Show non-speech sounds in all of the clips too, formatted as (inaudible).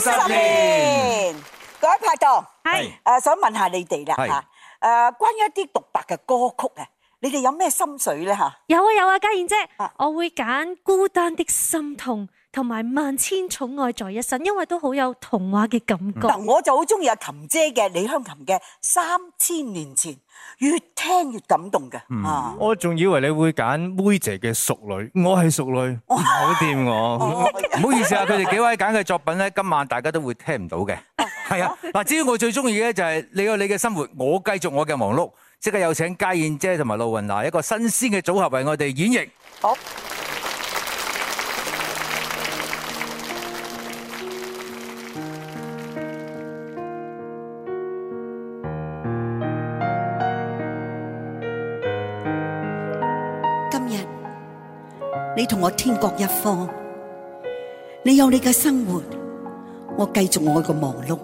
十，年十年各位拍檔，係誒、呃，想問下你哋啦吓，誒、呃，關於一啲獨白嘅歌曲啊，你哋有咩心水咧吓？有啊有啊，家燕姐、啊，我會揀《孤單的心痛》同埋《萬千寵愛在一身》，因為都好有童話嘅感覺。嗱、嗯，我就好中意阿琴姐嘅李香琴嘅《三千年前》。越聽越感動嘅、嗯，我仲以為你會揀妹姐嘅淑女，我係淑女，好掂我，唔、oh、好意思啊，佢 (laughs) 哋幾位揀嘅作品咧，今晚大家都會聽唔到嘅，係啊，嗱，至於我最中意咧，就係你有你嘅生活，我繼續我嘅忙碌，即刻有請家燕姐同埋露雲娜一個新鮮嘅組合為我哋演繹，好。你同我天各一方，你有你嘅生活，我繼續我嘅忙碌。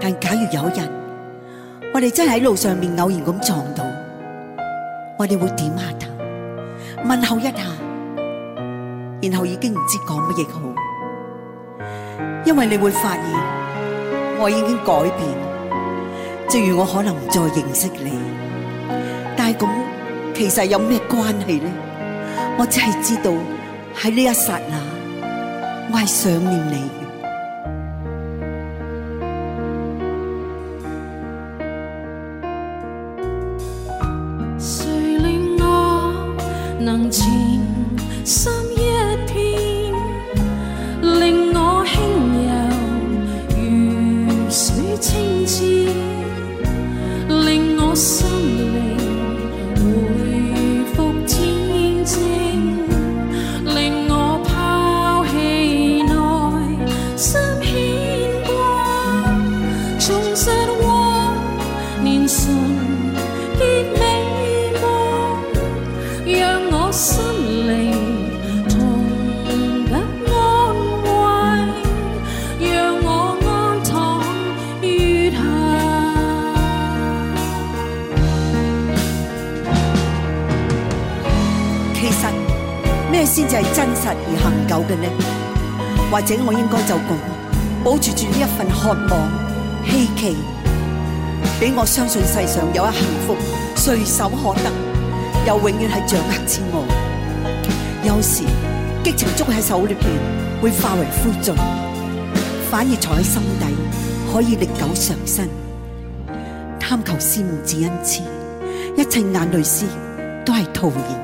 但假如有一日，我哋真係喺路上面偶然咁撞到，我哋會點下頭，問候一下，然後已經唔知講乜嘢好。因為你會發現，我已經改變，正如我可能唔再認識你。但係咁，其實有咩關係呢？我只係知道喺呢一剎那，我係想念你。咩先至係真實而恆久嘅呢？或者我應該就咁保住住呢一份渴望希冀，俾我相信世上有一幸福隨手可得，又永遠係掌握之外。有時激情捉喺手裏邊會化為灰燼，反而藏喺心底可以歷久常新。貪求羨慕至恩賜，一切眼淚絲都係徒然。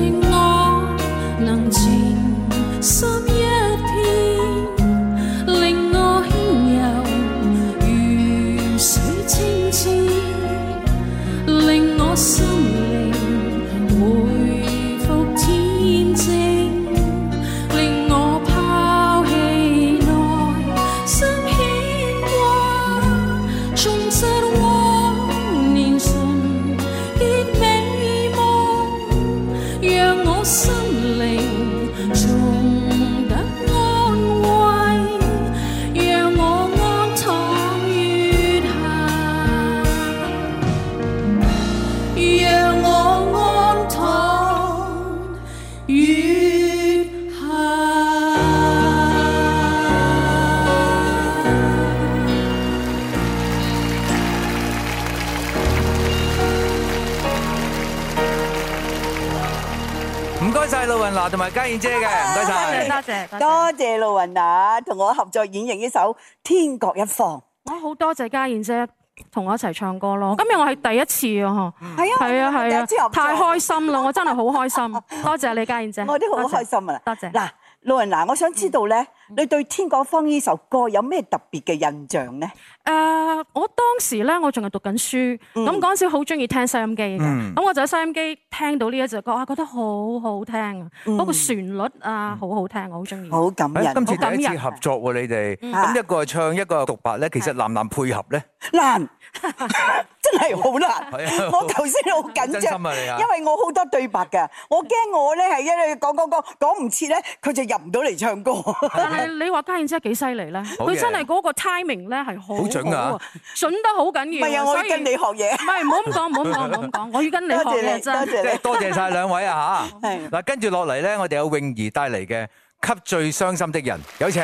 多謝露雲娜同埋嘉燕姐嘅，唔該曬，多謝多謝，多謝露雲娜同我合作演繹呢首《天各一方》。我好多謝嘉燕姐同我一齊唱歌咯，今日我係第一次、嗯、係啊！嗬，係啊，係啊，係啊，太開心啦！我真係好開心， (laughs) 多謝你嘉燕姐，我都好開心啊！多謝嗱，露雲娜，我想知道呢。嗯你對《天國方》呢首歌有咩特別嘅印象呢？誒、uh，我當時呢，我仲係讀緊書，咁嗰陣時好中意聽收音機嘅，咁、mm. 我就喺收音機聽到呢一首歌，哇，覺得好好聽、mm. 啊！嗰個旋律啊，好好聽，我好中意。好感人，哎、今次第一次合作喎、啊，你哋咁一個係唱，一個係獨白呢，其實難唔難配合呢？難。 (laughs) 係好難，我頭先好緊張，因為我好多對白嘅，我驚我咧係因為講講講講唔切咧，佢就入唔到嚟唱歌。但係你話家燕姐幾犀利咧？佢真係嗰個 timing 咧係好準噶，準得好緊要。唔係啊，我要跟你學嘢。唔係唔好咁講，唔好咁講，唔好咁講。我要跟你多謝你真，即係多謝晒兩位啊吓。嗱，跟住落嚟咧，我哋有泳兒帶嚟嘅《給最傷心的人》，有請。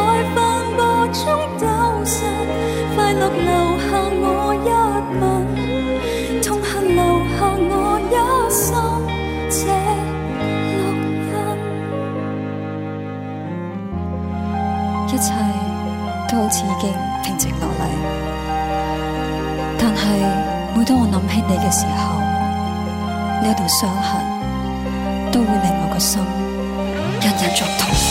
已經平靜落嚟，但係每當我諗起你嘅時候，呢一 (music) 道傷痕都會令我個心隱隱作痛。 (music)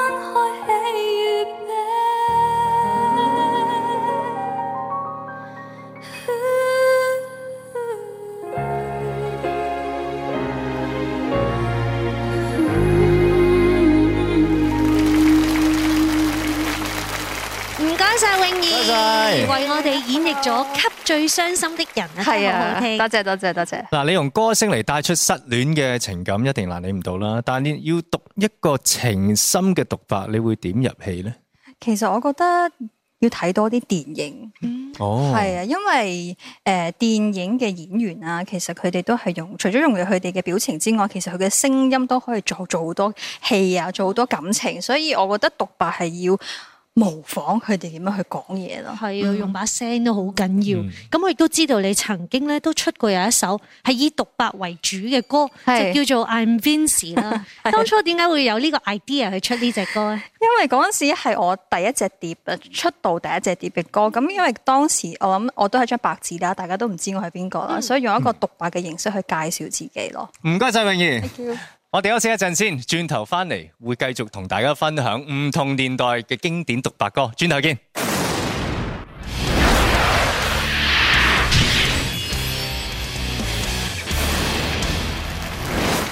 咗給最傷心的人啊，真係好好聽。多謝多謝多謝。嗱，你用歌聲嚟帶出失戀嘅情感，一定難理唔到啦。但係你要讀一個情深嘅獨白，你會點入戲呢？其實我覺得要睇多啲電影，哦、嗯、係啊，因為誒、呃、電影嘅演員啊，其實佢哋都係用除咗用佢哋嘅表情之外，其實佢嘅聲音都可以做做好多戲啊，做好多感情。所以我覺得獨白係要。模仿佢哋點樣去講嘢咯，係要用把聲都好緊要。咁、嗯、我亦都知道你曾經咧都出過有一首係以獨白為主嘅歌的，就叫做 I'm Vincy 啦。 (laughs) 當初點解會有呢個 idea 去出這呢隻歌咧？因為嗰陣時係我第一隻碟出道第一隻碟嘅歌，咁因為當時我諗我都係張白紙啦，大家都唔知我係邊個啦，所以用一個獨白嘅形式去介紹自己咯。唔該晒，泳兒。我哋休息一陣先，轉頭翻嚟會繼續同大家分享唔同年代嘅經典獨白歌。轉頭見。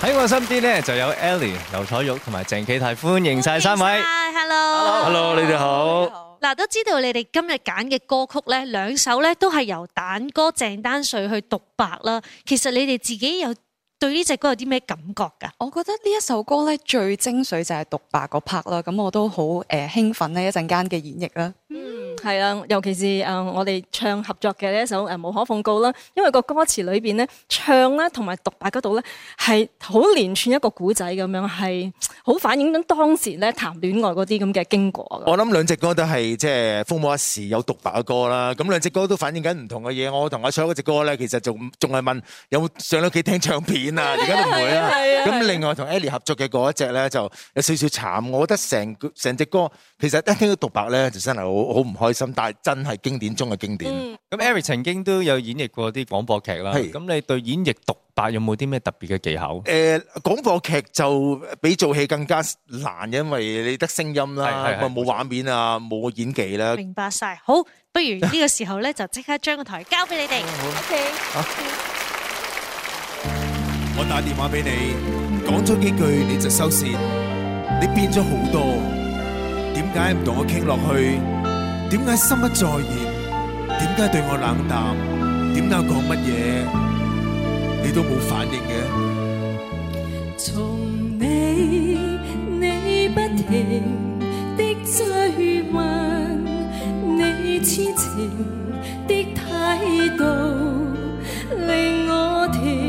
喺我身邊呢就有 Elly、劉彩玉同埋鄭啟泰，歡迎晒三位。Hello，Hello，Hello，你哋好。嗱，都知道你哋今日揀嘅歌曲呢，兩首呢都係由蛋哥鄭丹瑞去獨白啦。其實你哋自己有。對呢隻歌有啲咩感覺噶？我覺得呢一首歌咧最精髓就係獨白嗰 part 啦，咁我都好誒興奮咧一陣間嘅演繹啦。嗯，係啊，尤其是誒、呃、我哋唱合作嘅呢一首誒、呃、無可奉告啦，因為個歌詞裏邊咧唱啦同埋獨白嗰度咧係好連串一個古仔咁樣，係好反映緊當時咧談戀愛嗰啲咁嘅經過。我諗兩隻歌都係即係風靡一時有獨白嘅歌啦，咁兩隻歌都反映緊唔同嘅嘢。我同阿卓嗰隻歌咧，其實就仲係問有冇上到屋企聽唱片。啦，而家都唔會啦。咁另外同 Elly 合作嘅嗰一隻咧，就有少少慘。我覺得成成隻歌，其實一聽到獨白咧，就真係好好唔開心。但係真係經典中嘅經典。咁 Eric 曾經都有演繹過啲廣播劇啦。咁你對演繹獨白有冇啲咩特別嘅技巧？誒，廣播劇就比做戲更加難，因為你得聲音啦，咁啊冇畫面啊，冇演技啦。明白曬。好，不如呢個時候咧，就即刻將個台交俾你哋。好。我打電話俾你，講咗幾句你就收線，你變咗好多，點解唔同我傾落去？點解心不在焉？點解對我冷淡？點解講乜嘢你都冇反應嘅？從你，你不停的追問，你痴情的態度令我停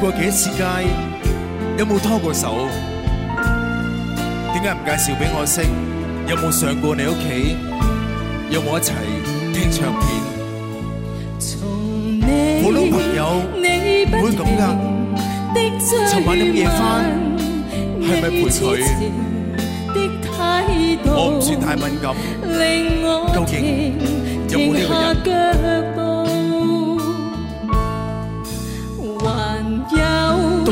過幾次街，有冇拖過手？點解唔介紹俾我識？有冇上過你屋企，有冇一齊聽唱片？我老朋友，唔會咁噶。尋晚咁夜翻，係咪陪佢？我唔算太敏感，究竟有冇呢個人？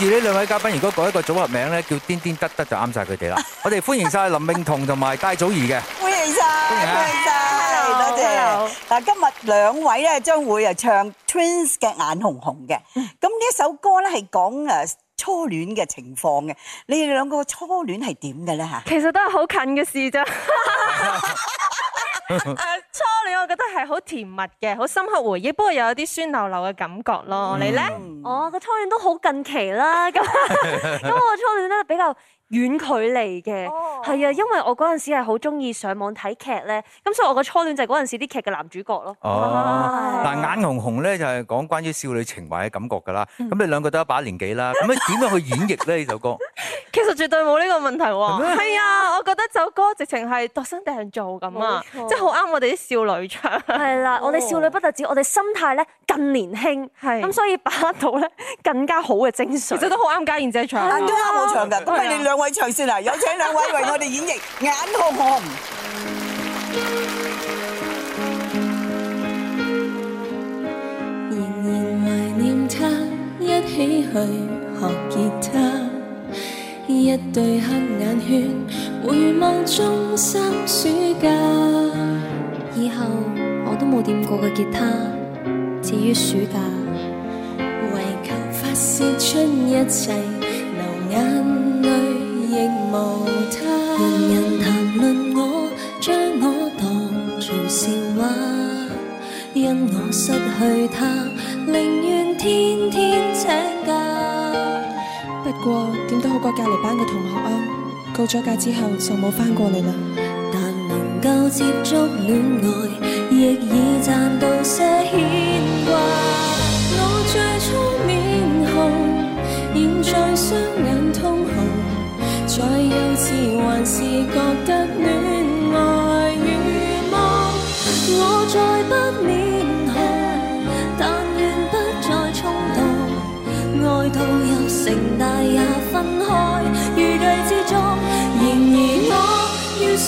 而呢兩位嘉賓，如果改一個組合名咧，叫癲癲得得就啱晒佢哋啦。我哋歡迎晒林穎彤同埋戴祖儀嘅，歡迎晒！ (laughs) 歡迎晒，好 (laughs) 多謝。嗱，今日兩位咧將會誒唱 Twins 嘅眼紅紅嘅。咁呢一首歌咧係講誒初戀嘅情況嘅。你哋兩個初戀係點嘅咧嚇？其實都係好近嘅事啫。 (laughs) (laughs) 誒、 (laughs) uh,，uh, 初戀我覺得係好甜蜜嘅，好深刻回憶，不過又有啲酸溜溜嘅感覺咯。Mm. 你咧？我、oh, 個初戀都好近期啦，咁因為我初戀真係比較。遠距離嘅，係、哦、啊，因為我嗰陣時係好中意上網睇劇咧，咁所以我嘅初戀就係嗰陣時啲劇嘅男主角咯。哦，嗱、哎、眼紅紅咧就係講關於少女情懷嘅感覺㗎啦。咁、嗯、你兩個都一把年紀啦，咁你點樣去演繹咧呢首歌？ (laughs) 其實絕對冇呢個問題喎。係啊，我覺得首歌直情係度身訂做咁啊，即係好啱我哋啲少女唱。係、哦、啦，我哋少女不單止，我哋心態咧更年輕，係咁所以把握到咧更加好嘅精髓。其實都好啱家燕姐唱，都啱我唱㗎。是的是的是的是的位唱先啊！有請兩位為我哋演繹《眼紅紅》。仍然懷念他，一起去學吉他，一對黑眼圈，回望中三暑假。以後我都冇掂過嗰吉他，至於暑假，為求發洩出一切。他，寧願天天請假不過，點都好過隔籬班嘅同學啊！告咗假之後就冇翻過嚟啦。但能 (music)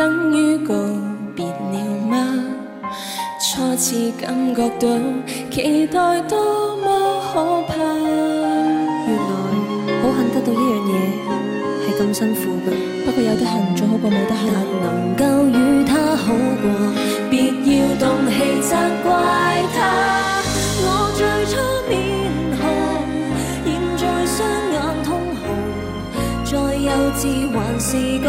等於告別了嗎？初次感覺到期待多麼可怕。原來好恨得到一樣嘢，係咁辛苦噶。不過有得恨總好過冇得恨。但能夠與他好過，別要動氣責怪他。我最初面紅，現在雙眼通紅。再幼稚還是覺。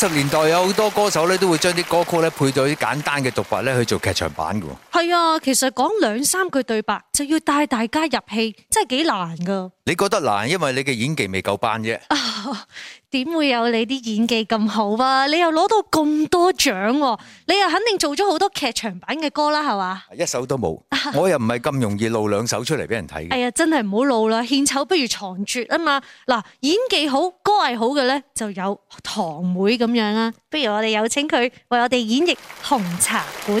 八十年代有好多歌手咧，都會將啲歌曲咧配對啲簡單嘅獨白咧去做劇場版㗎。係啊，其實講兩三句對白就要帶大家入戲，真係幾難噶。你覺得難，因為你嘅演技未夠班啫。點、哎、會有你啲演技咁好啊？你又攞到咁多獎，你又肯定做咗好多劇場版嘅歌啦，係嘛？一首都冇，我又唔係咁容易露兩首出嚟俾人睇嘅。哎呀，真係唔好露啦，獻醜不如藏拙啊嘛。嗱，演技好、歌藝好嘅呢，就有堂妹咁樣啦。不如我哋有請佢為我哋演繹《紅茶館》。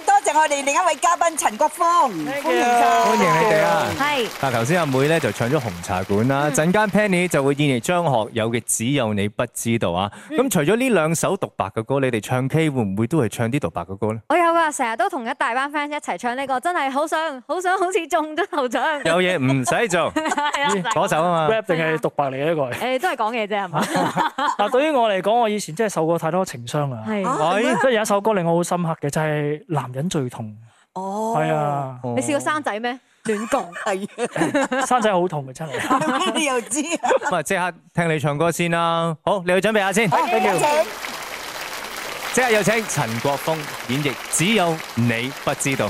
我哋另一位嘉賓陳國峰，歡迎曬，歡迎你哋啊！係、oh.，嗱頭先阿妹咧就唱咗紅茶館啦，陣、嗯、間 Penny 就會演繹張學友嘅《有的只有你不知道》啊、嗯！咁除咗呢兩首獨白嘅歌，你哋唱 K 會唔會都係唱啲獨白嘅歌咧？我有啊，成日都同一大班 friend 一齊唱呢、這個，真係好想，想好想好似中咗頭獎。有嘢唔使做，左 (laughs) 手、欸、啊嘛，rap 定係獨白嚟嘅呢個？誒、啊欸、都係講嘢啫，係嘛？嗱， (laughs) (laughs) 對於我嚟講，我以前真係受過太多情傷啊！係，即係有一首歌令我好深刻嘅，就係、是《男人最》。最痛，係、oh, 啊！你試過生仔咩？亂講， (laughs) 是啊、 (laughs) 生仔好痛嘅真係，你 (laughs) 又知、啊？唔係，即刻聽你唱歌先啦。好，你去準備下先、okay。有請。即刻有請陳國峰演繹《只有你不知道》。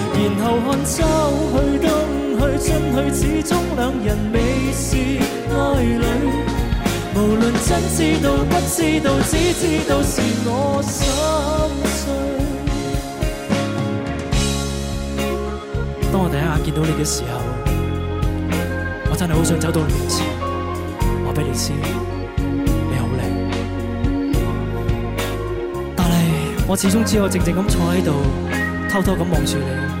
無論真知道不知道，只知道是我心碎。當我第一眼見到你嘅時候，我真係好想走到你面前，話俾你知你好靚。但係我始終只有靜靜咁坐喺度，偷偷咁望住你。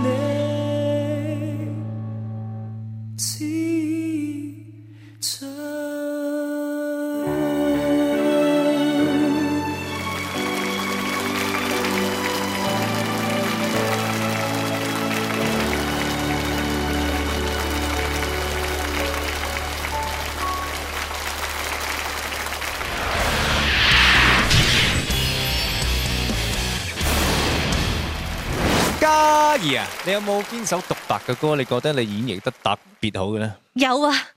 你有冇邊首獨白嘅歌？你覺得你演繹得特別好嘅呢？有啊！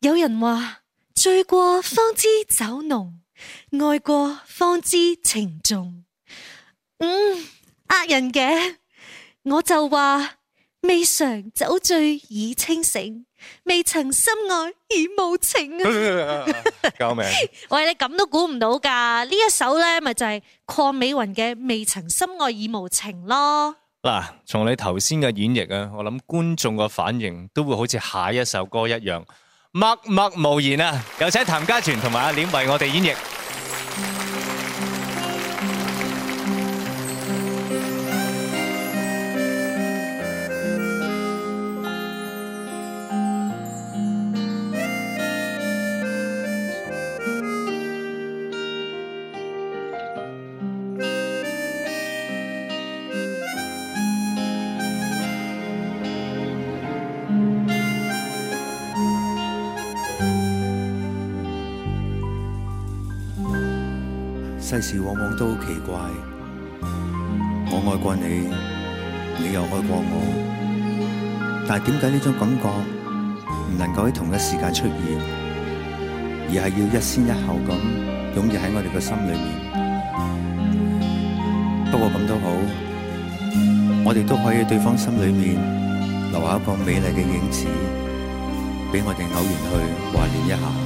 有人話醉過方知酒濃，愛過方知情重。嗯，呃人嘅，我就話未嘗酒醉已清醒，未曾深愛已無情啊！ (laughs) 救命！喂，你咁都估唔到噶？呢一首咧，咪就係鄺美雲嘅《未曾深愛已無情》咯。嗱，從你頭先嘅演繹啊，我諗觀眾嘅反應都會好似下一首歌一樣，默默無言啊！有請譚嘉荃同埋阿廉為我哋演繹。事往往都好奇怪，我愛過你，你又愛過我，但係點解呢種感覺唔能夠喺同一時間出現，而係要一先一後咁湧現喺我哋嘅心裏面？不過咁都好，我哋都可以喺對方心裏面留下一個美麗嘅影子，俾我哋偶然去懷念一下。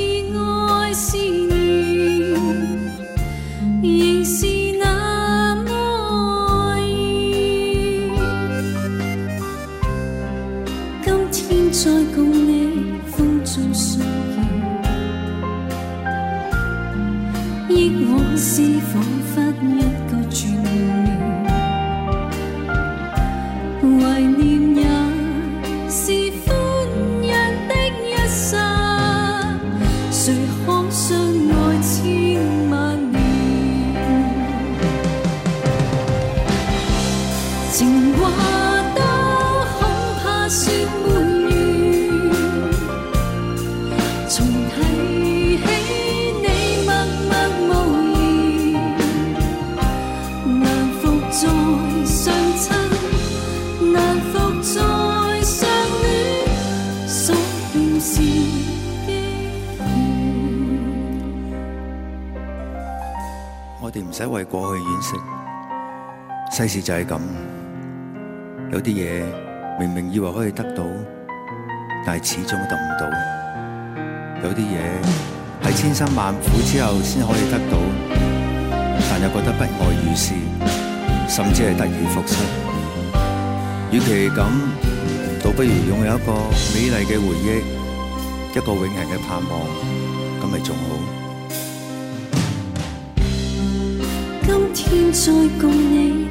就係咁，有啲嘢明明以為可以得到，但係始終得唔到；有啲嘢喺千辛萬苦之後先可以得到，但又覺得不外如是，甚至係得而復失。與其咁，倒不如擁有一個美麗嘅回憶，一個永恆嘅盼望，咁咪仲好。今天再共你。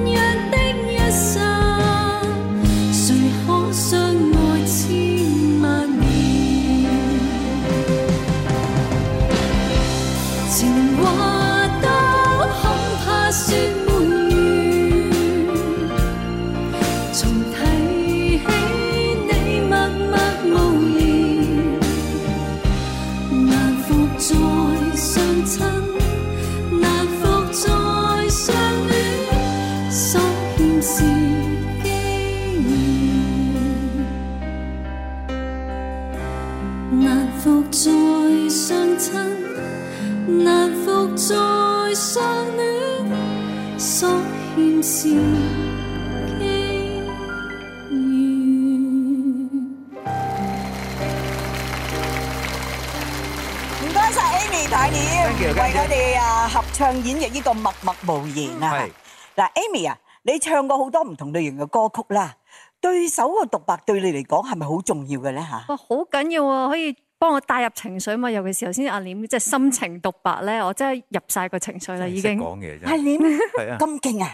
睇了，為我哋啊合唱演繹呢個默默無言啊！嗱，Amy 啊，你唱過好多唔同類型嘅歌曲啦，對手個獨白對你嚟講係咪好重要嘅咧？吓，哇，好緊要啊！可以幫我帶入情緒嘛？尤其是頭先阿廉即係心情獨白咧，我真係入晒個情緒啦，已經。講嘢真阿廉，係 (laughs) 啊厲，咁 (laughs) 勁啊！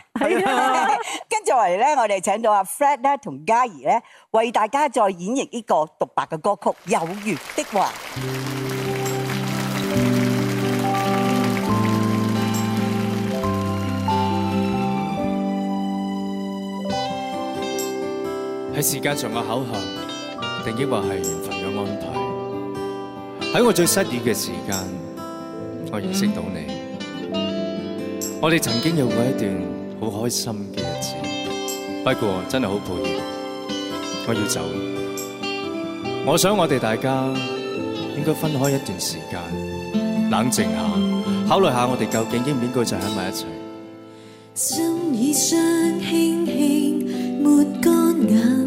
跟住嚟咧，我哋請到阿 Fred 咧同嘉怡咧，為大家再演繹呢個獨白嘅歌曲《有緣的話》。喺時間上嘅巧合，定抑或係緣分嘅安排？喺我最失意嘅時間，我認識到你。我哋曾經有過一段好開心嘅日子，不過真係好抱歉，我要走。我想我哋大家應該分開一段時間，冷靜下，考慮下我哋究竟應唔應該就喺埋一齊。心已傷，輕輕抹乾眼。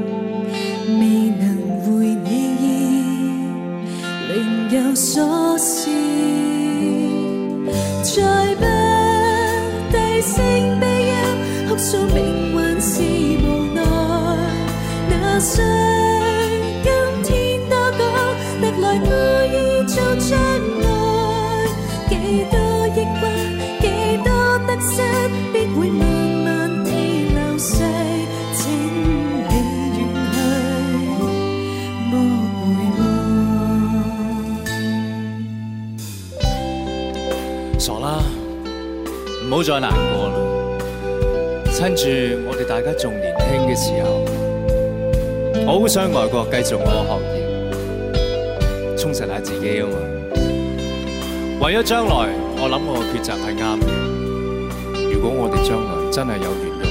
不再難過啦！趁住我哋大家仲年輕嘅時候，我好想外國繼續我嘅學業，充實下自己啊嘛！為咗將來，我諗我嘅抉擇係啱嘅。如果我哋將來真係有緣。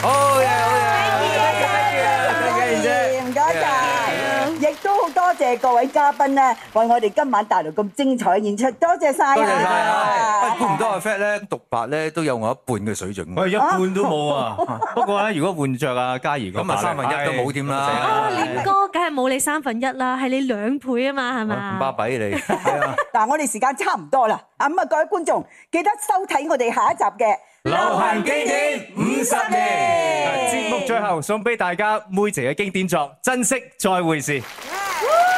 好嘢，好嘢，唔該曬，唔該曬，唔該曬，唔該曬，亦都好多謝各位嘉賓咧，為我哋今晚帶來咁精彩嘅演出，多謝曬，多謝曬。不過唔多阿 Fat 咧獨白咧，都有我一半嘅水準。我係一半都冇啊，不過咧，如果換著啊嘉怡咁啊，三分一都冇添啦。啊，廉哥梗係冇你三分一啦，係你兩倍啊嘛，係嘛？唔巴閉你。嗱，我哋時間差唔多啦，啊咁啊，各位觀眾記得收睇我哋下一集嘅。流行經典五十年，年，節目最後送俾大家梅姐嘅經典作《珍惜再會時》。Yeah.